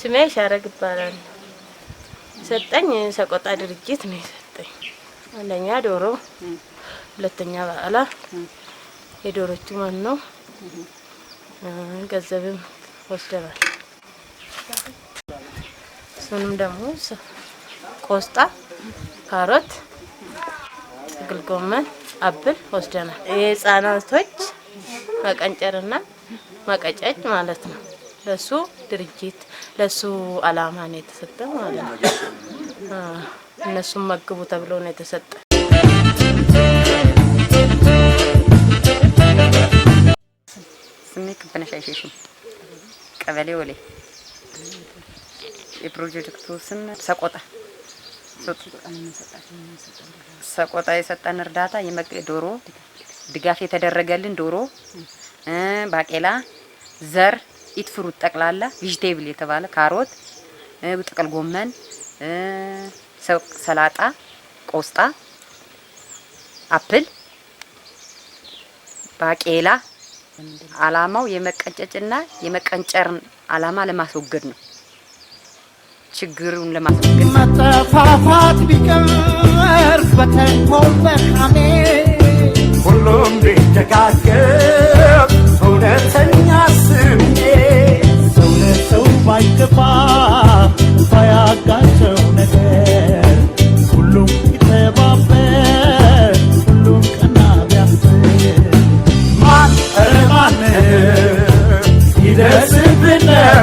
ስሜ ሻረግ ይባላል። ሰጠኝ ሰቆጣ ድርጅት ነው የሰጠኝ። አንደኛ ዶሮ፣ ሁለተኛ በዓላ የዶሮቹ ማን ነው ገንዘብም ወስደናል። እሱንም ደግሞ ቆስጣ፣ ካሮት፣ ጥቅል ጎመን፣ አብል ወስደናል። የህፃናቶች መቀንጨርና መቀጨጭ ማለት ነው። ለሱ ድርጅት ለሱ አላማ ነው የተሰጠ ማለት ነው። እነሱም መግቡ ተብሎ ነው የተሰጠ። ስሜ ክብነሽ አይሸሽም ቀበሌ ወሌ። የፕሮጀክቱ ስም ሰቆጣ ሰቆጣ የሰጠን እርዳታ ዶሮ ድጋፍ የተደረገልን ዶሮ፣ ባቄላ፣ ዘር ኢት ፍሩት ጠቅላላ ቪጂቴብል የተባለ ካሮት፣ ጥቅል ጎመን፣ ሰላጣ፣ ቆስጣ፣ አፕል፣ ባቄላ አላማው የመቀጨጭና የመቀንጨርን አላማ ለማስወገድ ነው። ችግሩን ለማስወገድ መጠፋፋት ቢቀር በተንኮል አሜ ሁሉ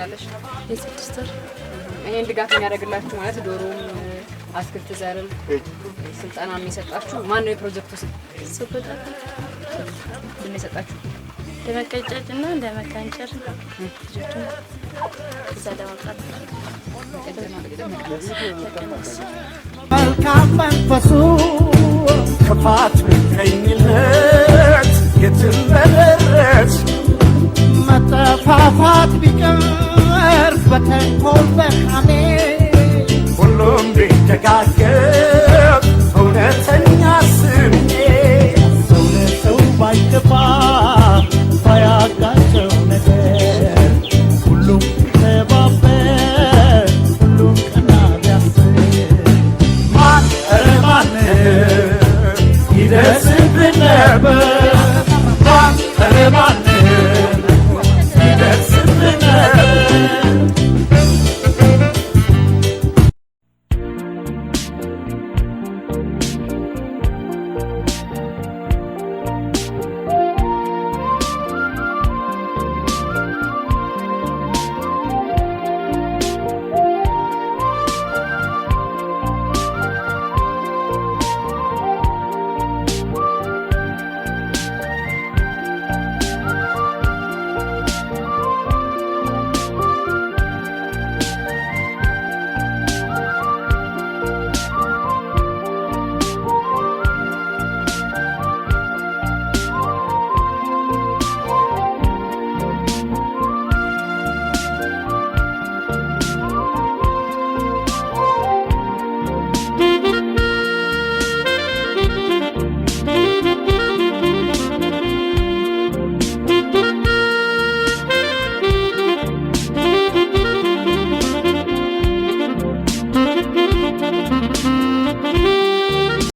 ትገዛለሽ? የስድስት ወር ይሄን ድጋፍ የሚያደርግላችሁ ማለት ዶሮም አትክልት ዘርም ስልጠና የሚሰጣችሁ ማን ነው? የፕሮጀክቱ ስም ምን የሰጣችሁ? ለመቀጨጭ እና ለመካንጨር ልጆቹን እዛ ለማውጣት መልካም መንፈሱ ክፋት ይገኝ ስንነጋገር እውነተኛ ስሜ ሰውነሰው ባይገባ ባያጋጨው ነገር